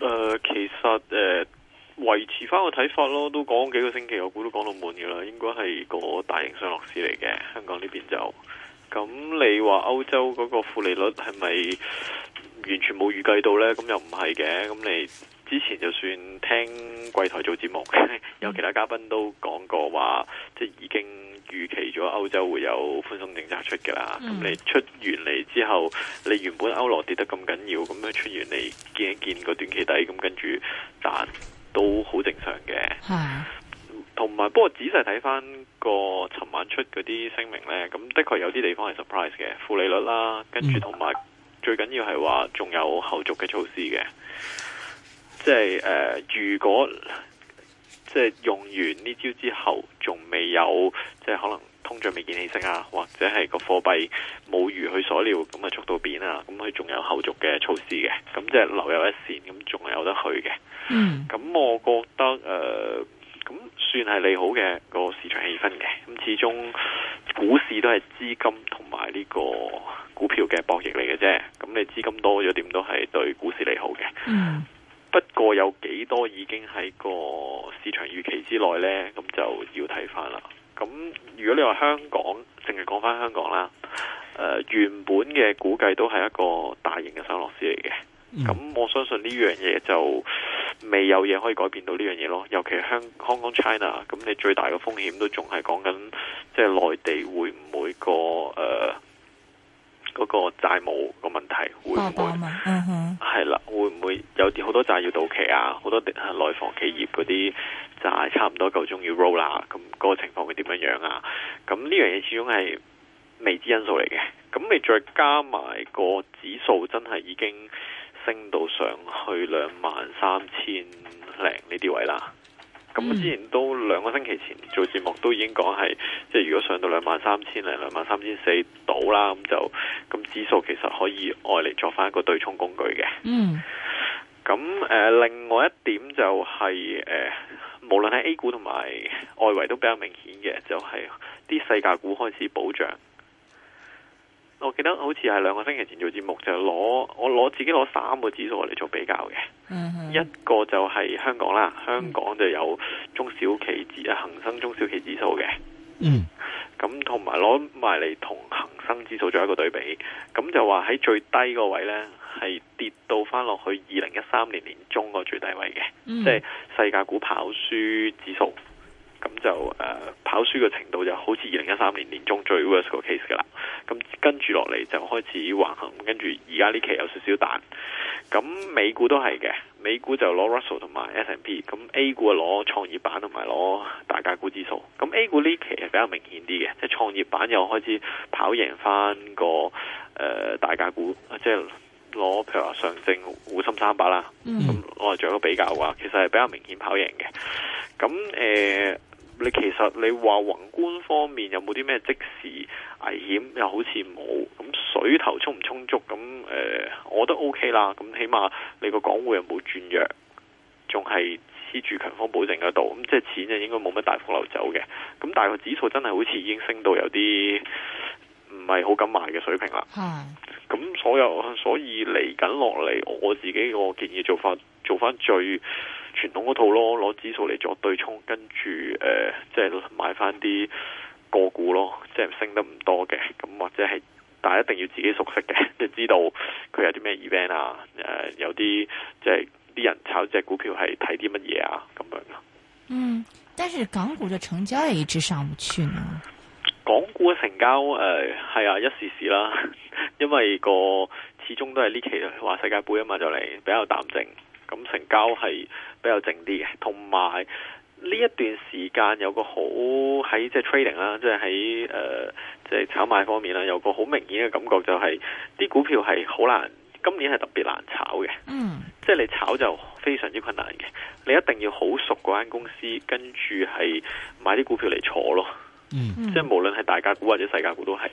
誒、呃，其實誒維、呃、持翻個睇法咯，都講幾個星期，我估都講到悶嘅啦，應該係個大型上落市嚟嘅，香港呢邊就咁。你話歐洲嗰個負利率係咪完全冇預計到呢？咁又唔係嘅。咁你之前就算聽櫃台做節目，嘿嘿有其他嘉賓都講過話，即係已經。預期咗歐洲會有寬鬆政策出嘅啦，咁、嗯、你出完嚟之後，你原本歐羅跌得咁緊要，咁樣出完嚟見一見個短期底，咁跟住彈都好正常嘅。同埋的不過仔細睇翻個尋晚出嗰啲聲明呢，咁的確有啲地方係 surprise 嘅，負利率啦，跟住同埋最緊要係話仲有後續嘅措施嘅，即係、呃、如果。即係用完呢招之後，仲未有即係可能通脹未見起升啊，或者係個貨幣冇如佢所料咁啊，捉到邊啊，咁佢仲有後續嘅措施嘅，咁即係留有一線，咁仲有得去嘅。咁、嗯、我覺得誒，咁、呃、算係利好嘅個市場氣氛嘅。咁始終股市都係資金同埋呢個股票嘅博弈嚟嘅啫。咁你資金多咗，點都係對股市利好嘅。嗯。不過有幾多已經喺個市場預期之內呢，咁就要睇翻啦。咁如果你話香港，淨係講返香港啦、呃，原本嘅估計都係一個大型嘅收落市嚟嘅。咁、嗯、我相信呢樣嘢就未有嘢可以改變到呢樣嘢咯。尤其香港，香港 China，咁你最大嘅風險都仲係講緊即係內地會唔會、嗰個誒嗰、呃嗰個債務個問題會唔會？嗯嗯嗯係啦，會唔會有啲好多債要到期啊？好多內房企業嗰啲債差唔多夠鐘要 roll 啦，咁個情況會點樣樣啊？咁呢樣嘢始終係未知因素嚟嘅。咁你再加埋個指數，真係已經升到上去兩萬三千零呢啲位啦。咁、嗯、之前都兩個星期前做節目都已經講係，即係如果上到兩萬三千零兩萬三千四到啦，咁就咁指數其實可以外嚟作返一個對沖工具嘅。嗯。咁誒、呃，另外一點就係、是、誒、呃，無論喺 A 股同埋外圍都比較明顯嘅，就係啲細價股開始保障。我記得好似係兩個星期前做節目，就攞、是、我攞自己攞三個指數嚟做比較嘅，嗯嗯、一個就係香港啦，香港就有中小企指啊恒生中小企指數嘅，嗯，咁同埋攞埋嚟同恒生指數做一個對比，咁就話喺最低個位呢，係跌到返落去二零一三年年中個最低位嘅，即係、嗯、世界股跑輸指數。咁就誒、呃、跑輸嘅程度就好似二零一三年年中最 worst 個 case 噶啦。咁跟住落嚟就開始橫行，跟住而家呢期有少少彈。咁美股都係嘅，美股就攞 Russell 同埋 S&P。咁 A 股啊攞創業板同埋攞大價股指數。咁 A 股呢期係比較明顯啲嘅，即、就、係、是、創業板又開始跑贏翻、那個誒、呃、大價股，即係攞譬如話上證滬深三百啦。咁我係做一咗比較嘅話，其實係比較明顯跑贏嘅。咁誒。呃你其實你話宏觀方面有冇啲咩即時危險？又好似冇。咁水頭充唔充足？咁誒、呃、我都 OK 啦。咁起碼你個港匯又冇轉弱，仲係黐住強方保證嗰度，咁即係錢就應該冇乜大幅流走嘅。咁但係個指數真係好似已經升到有啲唔係好敢買嘅水平啦。咁所有所以嚟緊落嚟，我自己個建議做法做翻最。傳統嗰套咯，攞指數嚟做對沖，跟住誒、呃，即係買翻啲個股咯，即係升得唔多嘅，咁或者係，但係一定要自己熟悉嘅、啊呃，即知道佢有啲咩 event 啊，誒，有啲即係啲人炒隻股票係睇啲乜嘢啊，咁樣咯。嗯，但係港股嘅成交也一直上唔去呢？港股嘅成交誒係、呃、啊，一時時啦，因為個始終都係呢期話世界盃啊嘛，就嚟比較淡靜。咁成交係比較靜啲嘅，同埋呢一段時間有個好喺即係 trading 啦，即係喺誒即係、呃、炒賣方面啦，有個好明顯嘅感覺就係、是、啲股票係好難，今年係特別難炒嘅。嗯，mm. 即係你炒就非常之困難嘅，你一定要好熟嗰間公司，跟住係買啲股票嚟坐咯。Mm. 即係無論係大價股或者細價股都係。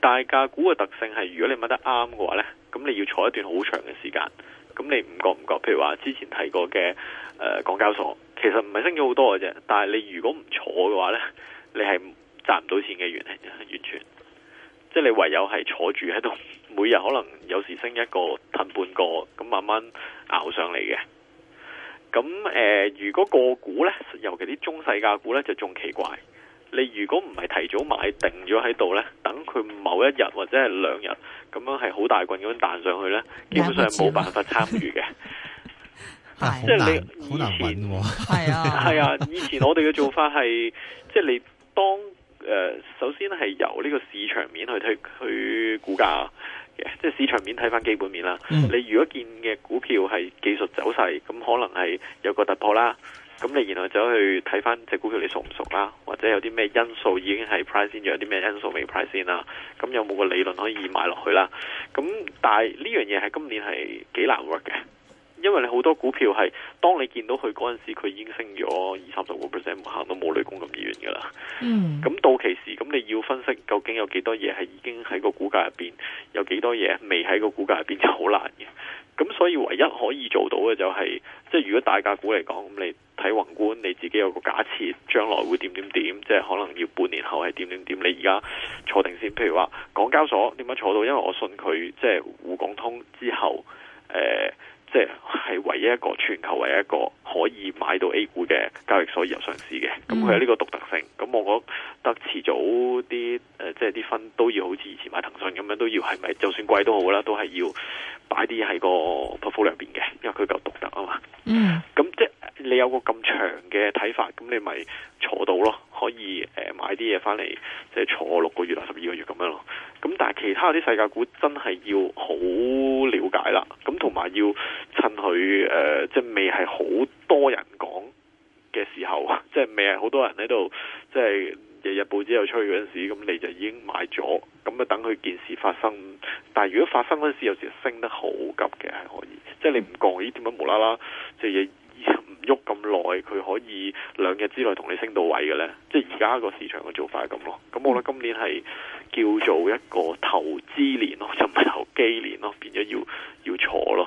大價股嘅特性係，如果你買得啱嘅話呢，咁你要坐一段好長嘅時間。咁你唔覺唔覺？譬如話之前提過嘅，誒、呃，港交所其實唔係升咗好多嘅啫。但係你如果唔坐嘅話咧，你係賺唔到錢嘅原因，完全。即係你唯有係坐住喺度，每日可能有時升一個、褪半個，咁慢慢熬上嚟嘅。咁誒、呃，如果個股咧，尤其啲中細價股咧，就仲奇怪。你如果唔係提早買定咗喺度呢，等佢某一日或者係兩日咁樣係好大棍咁彈上去呢，基本上冇辦法參與嘅。 即係你好難揾，啊、哦，係 啊。以前我哋嘅做法係，即係你當誒、呃、首先咧係由呢個市場面去睇去估價嘅，即、就、係、是、市場面睇翻基本面啦。嗯、你如果見嘅股票係技術走勢，咁可能係有個突破啦。咁你然後走去睇翻隻股票你熟唔熟啦？或者有啲咩因素已經係 price in，仲有啲咩因素未 price in 啦、啊？咁有冇個理論可以買落去啦？咁但係呢樣嘢係今年係幾難 work 嘅，因為你好多股票係當你見到佢嗰陣時，佢已經升咗二三十個 percent，行到冇雷公咁遠噶啦。咁到期時，咁你要分析究竟有幾多嘢係已經喺個股價入邊，有幾多嘢未喺個股價入邊就好難嘅。咁所以唯一可以做到嘅就係、是，即係如果大價股嚟講，咁你睇宏觀，你自己有個假設，將來會點點點，即係可能要半年後係點點點，你而家坐定先。譬如話港交所點樣坐到？因為我信佢即係滬港通之後，誒、呃，即係係唯一一個全球唯一一個可以買到 A 股嘅交易所入上市嘅，咁佢有呢個獨特性。咁我覺得遲早啲誒、呃，即係啲分都要好似以前買騰訊咁樣，都要係咪就算貴都好啦，都係要。買啲喺個 portfolio 兩邊嘅，因為佢夠獨特啊嘛。嗯，咁即係你有個咁長嘅睇法，咁你咪坐到咯，可以誒買啲嘢翻嚟，即係坐六個月啊，十二個月咁樣咯。咁但係其他啲世界股真係要好了解啦，咁同埋要趁佢誒，即係未係好多人講嘅時候，即係未係好多人喺度，即 係樂。 日日報紙又出嗰陣時，咁你就已經買咗，咁啊等佢件事發生。但係如果發生嗰陣時，有時升得好急嘅係可以，即係你唔講咦點解無啦啦，即係嘢唔喐咁耐，佢可以兩日之內同你升到位嘅咧？即係而家個市場嘅做法係咁咯。咁我覺得今年係叫做一個投資年咯，就唔係投機年咯，變咗要要坐咯。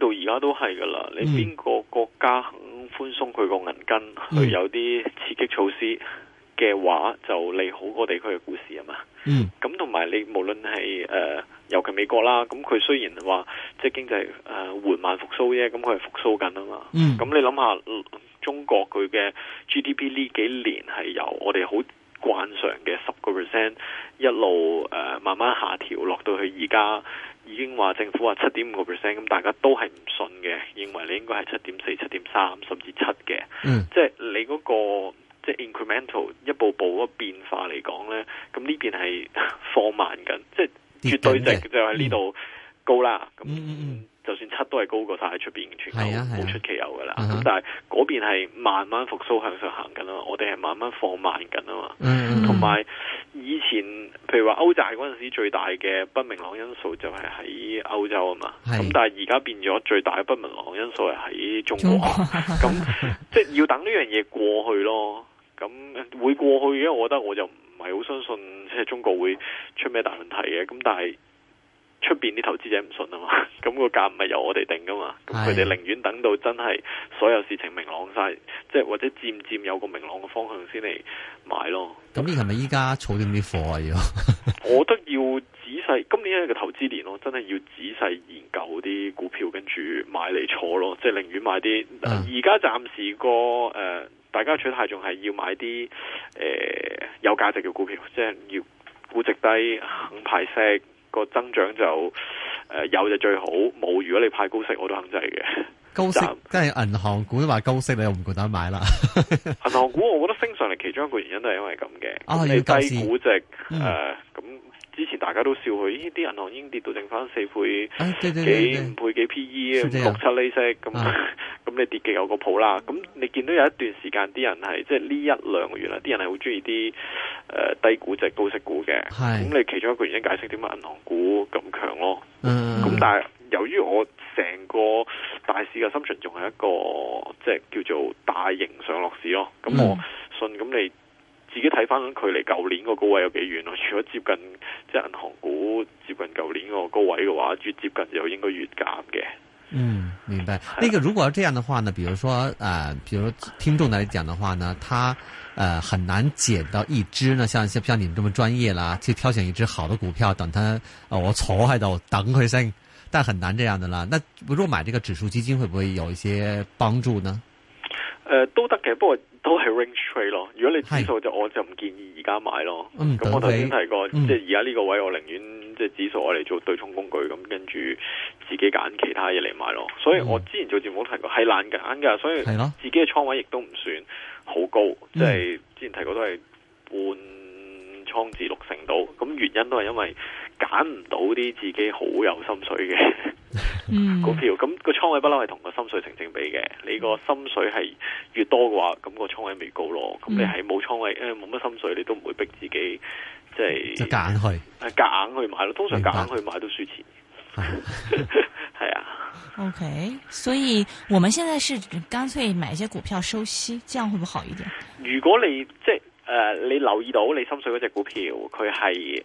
到而家都係噶啦，你邊個國家肯寬鬆佢個銀根，去有啲刺激措施嘅話，就利好個地區嘅股市啊嘛。嗯，咁同埋你無論係誒，尤其美國啦，咁佢雖然話即係經濟誒緩慢復蘇啫，咁佢係復蘇緊啊嘛。嗯，咁你諗下、呃、中國佢嘅 GDP 呢幾年係由我哋好。慣常嘅十個 percent 一路誒、呃、慢慢下調，落到去而家已經話政府話七點五個 percent，咁大家都係唔信嘅，認為你應該係七點四、七點三甚至七嘅。即係、嗯、你嗰、那個即係、就是、incremental 一步步嗰個變化嚟講呢，咁呢邊係放慢緊，即、就、係、是、絕對值就喺呢度。高啦，咁、嗯、就算七都係高過晒喺出邊全球冇出其有噶啦。咁、啊啊、但係嗰邊係慢慢復蘇向上行緊咯，我哋係慢慢放慢緊啊嘛。同埋、嗯、以前，譬如話歐債嗰陣時最大嘅不明朗因素就係喺歐洲啊嘛。咁但係而家變咗最大嘅不明朗因素係喺中國。咁即係要等呢樣嘢過去咯。咁會過去嘅，我覺得我就唔係好相信，即係中國會出咩大問題嘅。咁但係。出邊啲投資者唔信啊嘛，咁個價唔係由我哋定噶嘛，咁佢哋寧願等到真係所有事情明朗晒，即係或者漸漸有個明朗嘅方向先嚟買咯。咁你係咪依家儲定啲貨啊？要？ 我覺得要仔細，今年係個投資年咯，真係要仔細研究啲股票，跟住買嚟坐咯。即係寧願買啲，而家暫時個誒、呃，大家取態仲係要買啲誒、呃、有價值嘅股票，即係要估值低、肯派息。個增長就誒、呃、有就最好，冇如果你派高息我都肯制嘅。 高息即係銀行股話高息，你又唔夠膽買啦。銀 行股我覺得升上嚟其中一個原因都係因為咁嘅，哦、你低估值誒咁。之前大家都笑佢，呢啲銀行已經跌到剩返四倍幾，啊、五倍幾 P E 六七厘息咁，咁你跌極有個譜啦。咁你見到有一段時間啲人係即係呢一兩個月啦，啲人係好中意啲誒低估值高息股嘅。咁是你其中一個原因解釋點解銀行股咁強咯。咁、嗯嗯、但係由於我成個大市嘅心情仲係一個即係叫做大型上落市咯。咁我信咁你。嗯嗯自己睇翻距離舊年個高位有幾遠咯？如果接近即係銀行股接近舊年個高位嘅話，越接近就應該越減嘅。嗯，明白。呢、那個如果要這樣嘅話呢？比如說，誒、呃，比如說聽眾來講嘅話呢，他誒、呃、很難揀到一支呢，像像你們這麼專業啦，去挑選一支好的股票等它，我坐喺度等佢升，但很難這樣的啦。那如果買這個指數基金，會不會有一些幫助呢？誒、呃、都得嘅，不過都係 range trade 咯。如果你指數就是我就唔建議而家買咯。咁我頭先提過，嗯、即係而家呢個位，我寧願即係指數我嚟做對沖工具，咁跟住自己揀其他嘢嚟買咯。所以我之前做節目都提過，係難揀㗎，所以自己嘅倉位亦都唔算好高，即係、啊、之前提過都係半倉至六成到。咁原因都係因為。揀唔到啲自己好有心水嘅、 嗯、股票，咁、那個倉位不嬲係同個心水成正比嘅。你個心水係越多嘅話，咁、那個倉位咪高咯。咁你係冇倉位，誒冇乜心水，你都唔會逼自己即係。即夾硬去，係夾硬、硬去買咯。通常夾硬、硬去買都輸錢。係明白 啊。OK，所以我們現在是乾脆買一些股票收息，這樣會不會好一點？如果你即係。誒，uh, 你留意到你心水嗰隻股票，佢係誒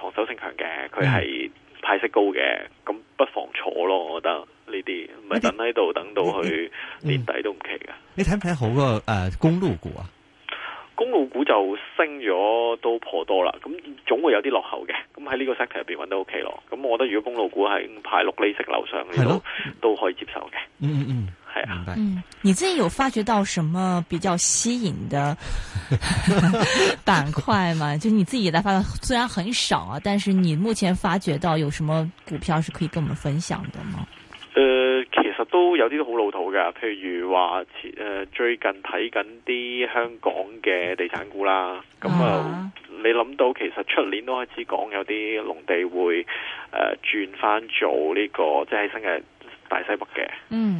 防守性強嘅，佢係派息高嘅，咁不妨坐咯，我覺得呢啲唔係等喺度等到去年底都唔奇嘅、嗯嗯。你睇唔睇好個誒、呃、公路股啊？公路股就升咗都頗多啦，咁總會有啲落後嘅，咁喺呢個 sector 嘅入邊揾到 O K 咯。咁我覺得如果公路股係派六厘息樓上，係咯都可以接受嘅、嗯。嗯嗯。嗯，你自己有發掘到什麼比較吸引的 板塊嗎？就你自己嚟發，雖然很少啊，但是你目前發掘到有什麼股票是可以跟我們分享的嗎？誒、呃，其實都有啲都好老土嘅，譬如話，誒、呃，最近睇緊啲香港嘅地產股啦，咁、呃、啊，你諗到其實出年都開始講有啲農地會誒轉翻做呢、呢個即係新嘅。大西北嘅，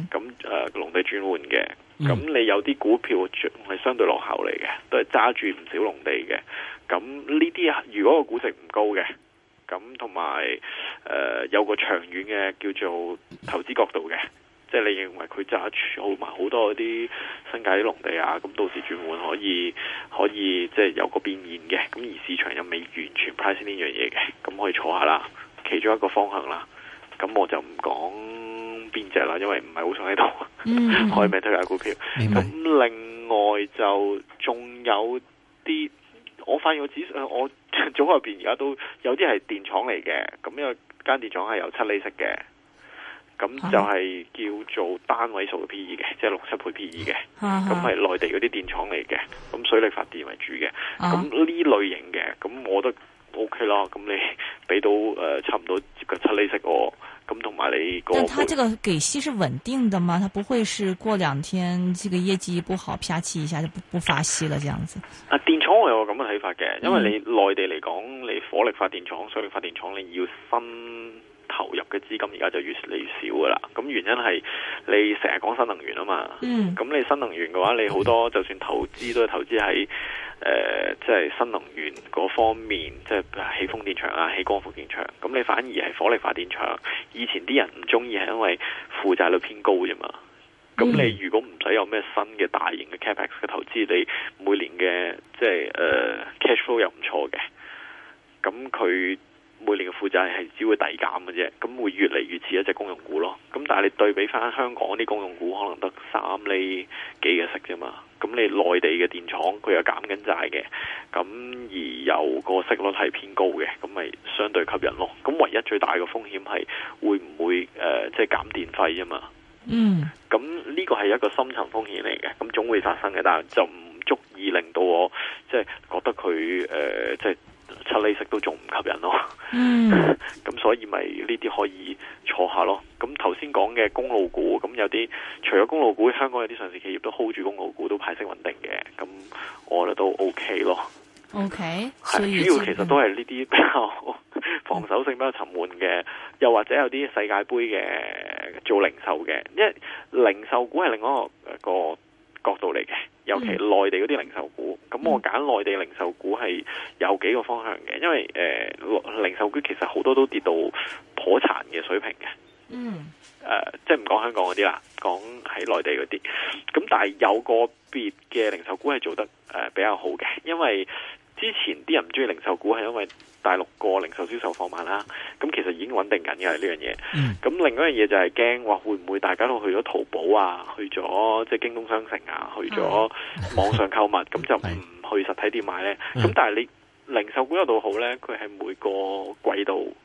咁誒農地轉換嘅，咁你有啲股票係相對落後嚟嘅，都係揸住唔少農地嘅，咁呢啲如果個估值唔高嘅，咁同埋誒有個長遠嘅叫做投資角度嘅，即係你認為佢揸住好埋好多嗰啲新界啲農地啊，咁到時轉換可以可以即係有個變現嘅，咁而市場又未完全 pricing 呢樣嘢嘅，咁可以坐下啦，其中一個方向啦，咁我就唔講。邊隻啦？因為唔係好想喺度、嗯，開名 推介股票。咁白另外就仲有啲，我發現我只我組合入邊而家都有啲係電廠嚟嘅。咁因為間電廠係有七厘息嘅，咁就係叫做單位數嘅 P E 嘅，即係六七倍 P E 嘅。咁係內地嗰啲電廠嚟嘅，咁水力發電為主嘅。咁呢白類型嘅，咁我都 OK 啦。咁你俾到誒、呃，差唔多接近七厘息我。咁同埋你，但佢他這個息是穩定的嗎？他不會是過兩天這個業績不好，啪，氣一下就不不發息了這樣子？啊、嗯，電廠我有個咁嘅睇法嘅，因為你內地嚟講，你火力發電廠、水力發電廠，你要新投入嘅資金，而家就越嚟越少噶啦。咁原因係你成日講新能源啊嘛。嗯。咁你新能源嘅話，你好多、嗯、就算投資都係投資喺。誒、呃，即係新能源嗰方面，即係起風電場啊，起光伏電場。咁你反而係火力發電場，以前啲人唔中意係因為負債率偏高啫嘛。咁你如果唔使有咩新嘅大型嘅 capex 嘅投資，你每年嘅即係、呃、cash flow 又唔錯嘅。咁佢每年嘅負債係只會遞減嘅啫，咁會越嚟越似一隻公用股咯。咁但係你對比翻香港啲公用股，可能得三厘幾嘅息啫嘛。咁你內地嘅電廠佢又減緊債嘅，咁而又個息率係偏高嘅，咁咪相對吸引咯。咁唯一最大嘅風險係會唔會誒、呃，即係減電費吖嘛。嗯，咁呢個係一個深層風險嚟嘅，咁總會發生嘅，但係就唔足以令到我即係覺得佢誒、呃、即係。七厘息都仲唔吸引咯，咁 所以咪呢啲可以坐下咯。咁頭先講嘅公路股，咁有啲除咗公路股，香港有啲上市企業都 hold 住公路股，都派息穩定嘅，咁我覺得都 OK 咯。OK，主要其實都係呢啲比較防守性比較沉悶嘅，又或者有啲世界杯嘅做零售嘅，因為零售股係另外一個個。角度嚟嘅，尤其內地嗰啲零售股，咁我揀內地零售股係有幾個方向嘅，因為誒、呃、零售股其實好多都跌到頗殘嘅水平嘅，嗯，誒、呃，即係唔講香港嗰啲啦，講喺內地嗰啲，咁但係有個別嘅零售股係做得誒、呃、比較好嘅，因為。之前啲人唔中意零售股，係因為大陸個零售銷售放慢啦。咁其實已經穩定緊嘅係呢樣嘢。咁、嗯、另外一樣嘢就係驚，話會唔會大家都去咗淘寶啊，去咗即係京東商城啊，去咗網上購物，咁、嗯、就唔去實體店買呢。咁、嗯、但係你零售股一路好呢，佢係每個季度。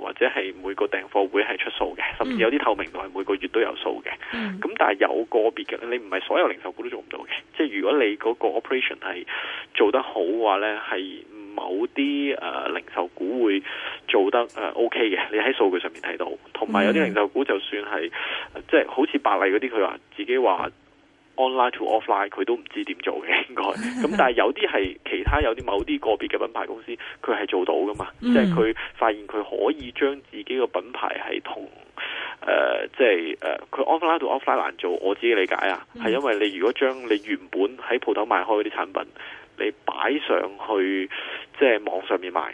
或者係每個訂貨會係出數嘅，甚至有啲透明度係每個月都有數嘅。咁、嗯、但係有個別嘅，你唔係所有零售股都做唔到嘅。即係如果你嗰個 operation 係做得好嘅話呢，係某啲誒、呃、零售股會做得誒、呃、OK 嘅。你喺數據上面睇到，同埋有啲零售股就算係、呃、即係好似百麗嗰啲，佢話自己話。online to offline 佢都唔知點做嘅應該，咁、嗯、但係有啲係其他有啲某啲個別嘅品牌公司佢係做到噶嘛，即係佢發現佢可以將自己嘅品牌係同誒、呃、即係誒佢、呃、online to offline 難做，我自己理解啊，係因為你如果將你原本喺鋪頭賣開嗰啲產品，你擺上去即係網上面賣。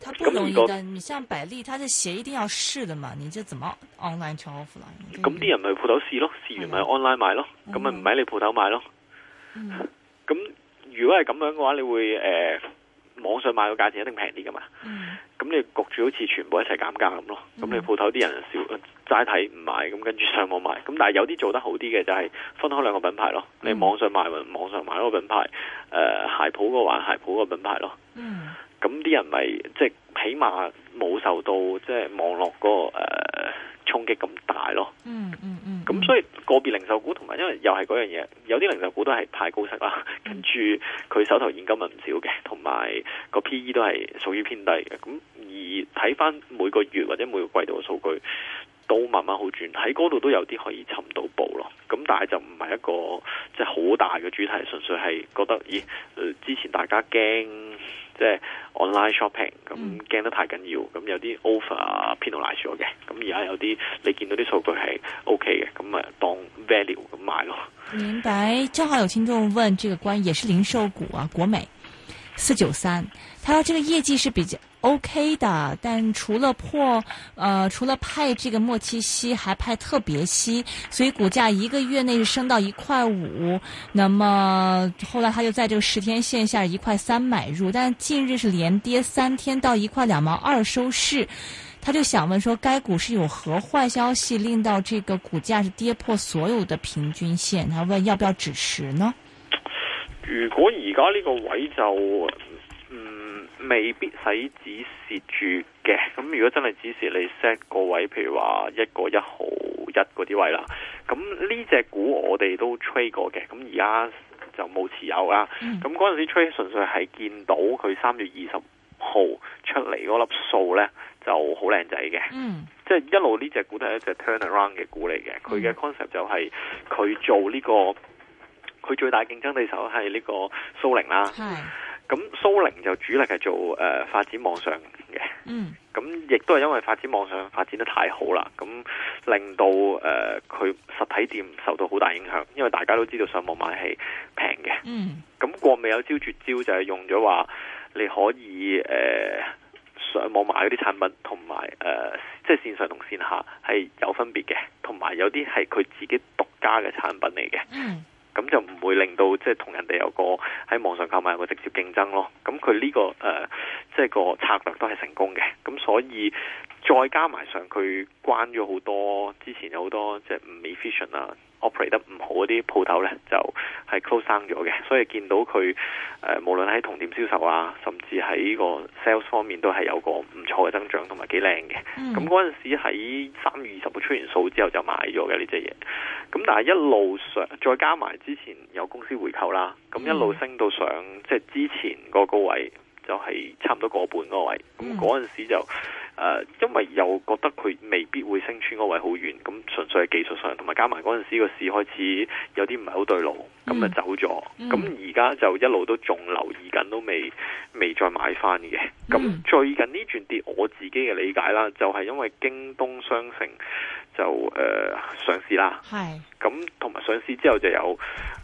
佢不容易的，嗯、你像百麗，佢啲鞋一定要試的嘛，你就怎麼 online 轉 offline？咁啲、嗯、人咪鋪頭試咯，試完咪 online 買咯，咁咪唔喺你鋪頭買咯。咁、嗯、如果係咁樣嘅話，你會誒、呃、網上買個價錢一定平啲噶嘛？咁、嗯、你焗住好似全部一齊減價咁咯，咁、嗯、你鋪頭啲人少齋睇唔買，咁跟住上網買。咁但係有啲做得好啲嘅就係分開兩個品牌咯，你網上買咪網上買嗰個品牌，誒、呃、鞋鋪個還鞋鋪個品牌咯。嗯咁啲人咪即係起碼冇受到即係網絡嗰個誒、衝擊咁大咯。嗯嗯嗯。咁、嗯嗯、所以個別零售股同埋，因為又係嗰樣嘢，有啲零售股都係派高息啦，跟住佢手頭現金係唔少嘅，同埋個 P E 都係屬於偏低嘅。咁而睇翻每個月或者每個季度嘅數據，都慢慢好轉，喺嗰度都有啲可以尋到寶咯。咁但係就唔係一個即係好大嘅主題，純粹係覺得，咦、欸呃？之前大家驚，即係 online shopping 咁、嗯，驚、嗯、得太緊要，咁、嗯、有啲 offer 啊，penalize 咗嘅。咁而家有啲你見到啲數據係 OK 嘅，咁、嗯、啊當 value 咁買咯。明白。正好有聽眾問這個關，也是零售股啊，國美四九三，3，他話這個業績是比較。OK 的，但除了破，呃，除了派這個末期息，還派特別息，所以股價一個月內是升到一塊五。那麼後來他就在這個十天線下一塊三買入，但近日是連跌三天到一塊兩毛二收市。他就想問說，該股是有何壞消息令到這個股價是跌破所有的平均線？他問要不要止蝕呢？如果而家呢個位就，未必使止蝕住嘅，咁如果真係止蝕，你 set 個位，譬如話一個一毫一嗰啲位啦。咁呢隻股我哋都 trade 過嘅，咁而家就冇持有啦。咁嗰陣時 trade 純粹係見到佢三月二十號出嚟嗰粒數呢就好靚仔嘅，即係、嗯、一路呢隻股都係一隻 turnaround 嘅股嚟嘅。佢嘅 concept 就係佢做呢、呢個佢最大競爭對手係呢個蘇寧啦。咁蘇寧就主力係做誒、呃、發展網上嘅，咁亦、嗯、都係因為發展網上發展得太好啦，咁令到誒佢、呃、實體店受到好大影響，因為大家都知道上網買係平嘅，咁、嗯、國美有招絕招就係用咗話你可以誒、呃、上網買嗰啲產品，同埋誒即係線上同線下係有分別嘅，同埋有啲係佢自己獨家嘅產品嚟嘅。嗯咁就唔會令到即係同人哋有個喺網上購買個直接競爭咯。咁佢呢個誒即係個策略都係成功嘅。咁所以再加埋上佢關咗好多之前有好多即係唔 efficient 啊。operate 得唔好嗰啲鋪頭咧，就係、是、close 生咗嘅，所以見到佢誒、呃、無論喺同店銷售啊，甚至喺個 sales 方面都係有個唔錯嘅增長，同埋幾靚嘅。咁嗰陣時喺三月二十號出完數之後就買咗嘅呢隻嘢。咁、嗯、但係一路上再加埋之前有公司回購啦，咁、嗯嗯、一路升到上即係、就是、之前個高位，就係差唔多個半那個位。咁嗰陣時就。誒、呃，因為又覺得佢未必會升穿嗰位好遠，咁、嗯、純、嗯、粹係技術上，同埋加埋嗰陣時個市開始有啲唔係好對路，咁咪走咗。咁而家就一路都仲留意緊，都未未再買翻嘅。咁、嗯嗯、最近呢轉跌，我自己嘅理解啦，就係、是、因為京東商城就誒、呃、上市啦，係咁同埋上市之後就有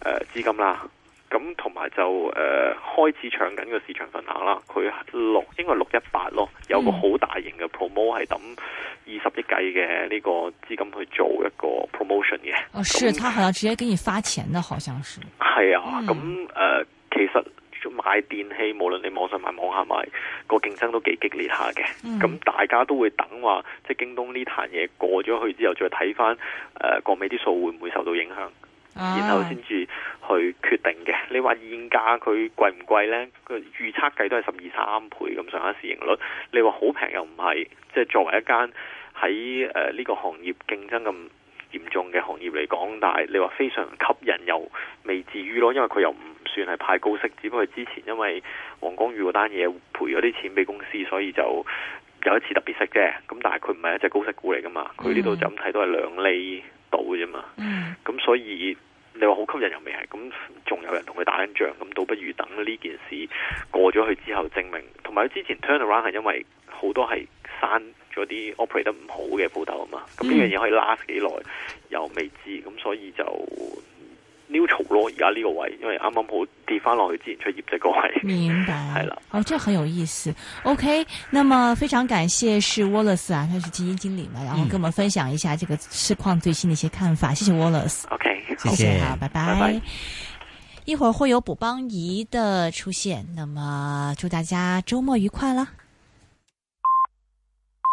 誒資、呃、金啦。咁同埋就誒、呃、開始搶緊個市場份額啦，佢六應該六一八咯，有個好大型嘅 promo 係抌二十億計嘅呢個資金去做一個 promotion 嘅。哦，是那他好像直接給你發錢的，好像是。係啊，咁誒其實買電器無論你網上買，網下買個競爭都幾激烈下嘅，咁、嗯嗯、大家都會等話即係京東呢壇嘢過咗去，去之後，再睇翻誒國美啲數會唔會受到影響。然後先至去決定嘅。你話現價佢貴唔貴呢？佢預測計都係十二三倍咁上下市盈率。你話好平又唔係，即係作為一間喺誒呢個行業競爭咁嚴重嘅行業嚟講，但係你話非常吸引又未至於咯。因為佢又唔算係派高息，只不過之前因為黃光裕嗰單嘢賠咗啲錢俾公司，所以就有一次特別息啫。咁但係佢唔係一隻高息股嚟噶嘛？佢呢度就咁睇都係兩厘到嘅啫嘛，咁、mm hmm。所以你話好吸引又未係，咁仲有人同佢打緊仗，咁倒不如等呢件事過咗去之後，證明同埋之前 turn around 係因為好多係刪咗啲 operate 得唔好嘅鋪頭啊嘛，咁呢樣嘢可以 last 幾耐又未知，咁所以就。n e 咯，而家呢個位，因為啱啱好跌翻落去之前出業績嗰位，明白，係啦 了。哦，這很有意思。OK，那麼非常感謝是 Wallace 啊，他是基金經理嘛，然後跟我們分享一下這個市況最新的一些看法。 謝謝 Wallace。OK，謝謝，好，好拜拜，拜拜。一會兒會有卜邦儀的出現，那麼祝大家週末愉快啦。